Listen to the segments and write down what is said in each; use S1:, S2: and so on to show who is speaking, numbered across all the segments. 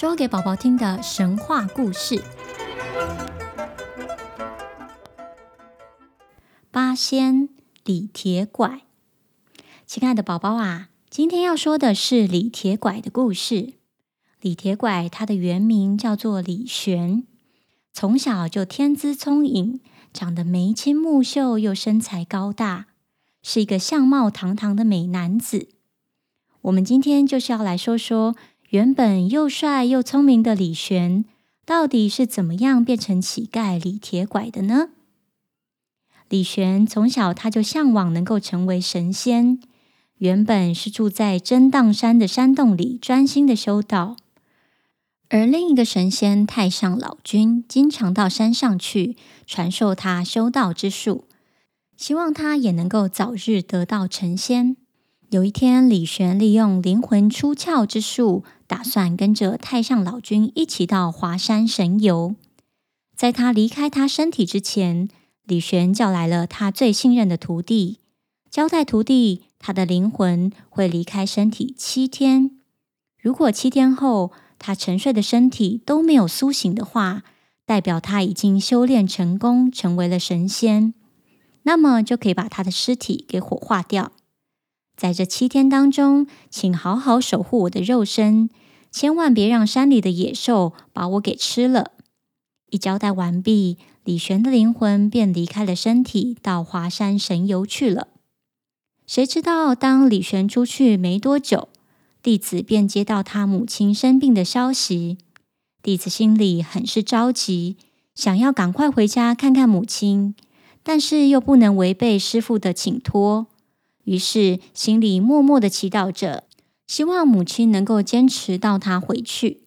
S1: 說給寶寶聽的神話故事：八仙李鐵拐。親愛的寶寶啊，今天要說的是李鐵拐的故事。李鐵拐他的原名叫做李玄，從小就天資聰穎，長得眉清目秀，又身材高大，是一個相貌堂堂的美男子。我們今天就是要來說說。原本又帥又聰明的李玄，到底是怎麼樣變成乞丐李鐵拐的呢？李玄從小他就嚮往能夠成為神仙，原本是住在真蕩山的山洞裡專心的修道，而另一個神仙太上老君經常到山上去傳授他修道之術，希望他也能夠早日得道成仙。有一天，李玄利用靈魂出竅之術，打算跟着太上老君一起到華山神遊。在他離開他身體之前，李玄叫來了他最信任的徒弟，交代徒弟，他的靈魂會離開身體七天。如果七天後他沉睡的身體都沒有甦醒的話，代表他已經修煉成功，成為了神仙，那麼就可以把他的屍體給火化掉。在這七天當中，請好好守護我的肉身，千萬別讓山裡的野獸把我給吃了。一交代完畢，李玄的靈魂便離開了身體，到華山神遊去了。誰知道，當李玄出去沒多久，弟子便接到他母親生病的消息。弟子心裡很是着急，想要趕快回家看看母親，但是又不能違背師父的請托。於是，心裡默默的祈禱着，希望母親能夠堅持到他回去。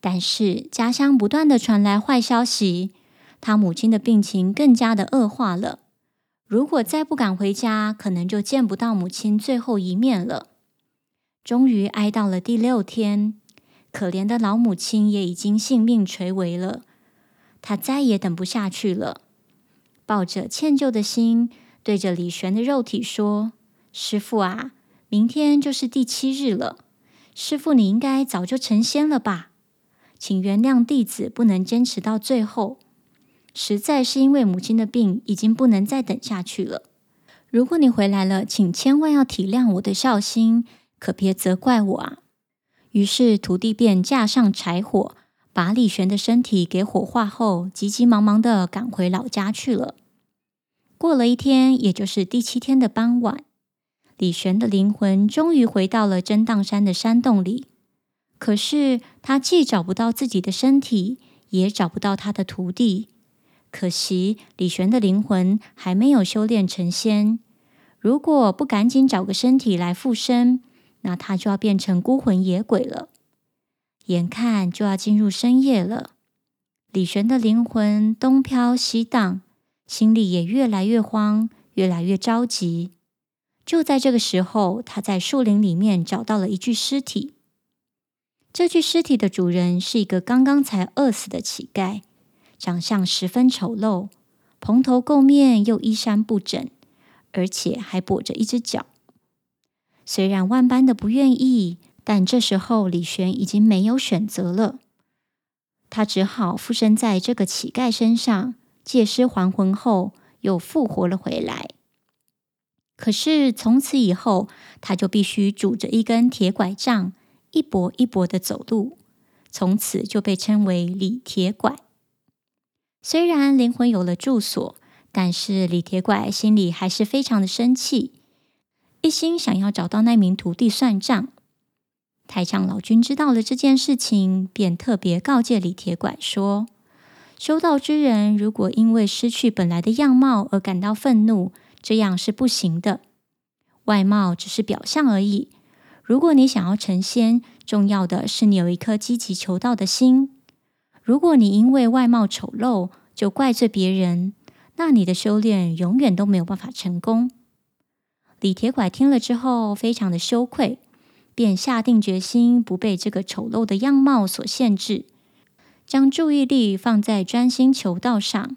S1: 但是，家鄉不斷的傳來壞消息，他母親的病情更加的惡化了。如果再不趕回家，可能就見不到母親最後一面了。終於，挨到了第六天，可憐的老母親也已經性命垂危了。她再也等不下去了，抱着歉疚的心。對着李玄的肉體說：“師傅啊，明天就是第七日了。師傅，你應該早就成仙了吧？請原諒弟子不能堅持到最後，實在是因為母親的病已經不能再等下去了。如果你回來了，請千萬要體諒我的孝心，可別責怪我啊。”於是，徒弟便架上柴火，把李玄的身體給火化後，急急忙忙的趕回老家去了。過了一天，也就是第七天的傍晚，李玄的靈魂終於回到了真蕩山的山洞裡。可是他既找不到自己的身體，也找不到他的徒弟。可惜李玄的靈魂還沒有修煉成仙，如果不趕緊找個身體來附身，那他就要變成孤魂野鬼了。眼看就要進入深夜了，李玄的靈魂東飄西蕩。心裡也越來越慌，越來越着急。就在這個時候，他在樹林裡面找到了一具屍體。這具屍體的主人是一個剛剛才餓死的乞丐，長相十分醜陋，蓬頭垢面又衣衫不整，而且還跛着一隻腳。雖然萬般的不願意，但這時候李玄已經沒有選擇了，他只好附身在這個乞丐身上。借屍還魂後，又復活了回來。可是從此以後，他就必須拄着一根鐵拐杖，一跛一跛的走路。從此就被稱為李鐵拐。雖然靈魂有了住所，但是李鐵拐心裡還是非常的生氣，一心想要找到那名徒弟算賬。太上老君知道了這件事情，便特別告誡李鐵拐說。修道之人，如果因為失去本來的樣貌而感到憤怒，這樣是不行的。外貌只是表象而已。如果你想要成仙，重要的是你有一顆積極求道的心。如果你因為外貌醜陋就怪罪別人，那你的修煉永遠都沒有辦法成功。李鐵拐聽了之後，非常的羞愧，便下定決心不被這個醜陋的樣貌所限制。將注意力放在專心求道上，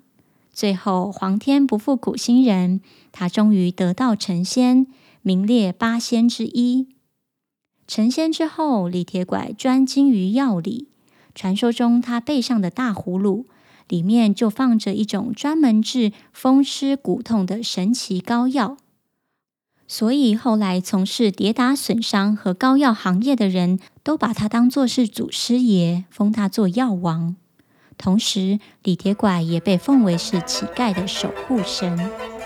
S1: 最後皇天不負苦心人，他終於得道成仙，名列八仙之一。成仙之後，李鐵拐專精於藥理，傳說中他背上的大葫蘆裡面就放着一種專門治風濕骨痛的神奇膏藥，所以後來從事跌打損傷和膏藥行業的人。都把他當做是祖師爺，封他做藥王。同時，李鐵拐也被奉為是乞丐的守護神。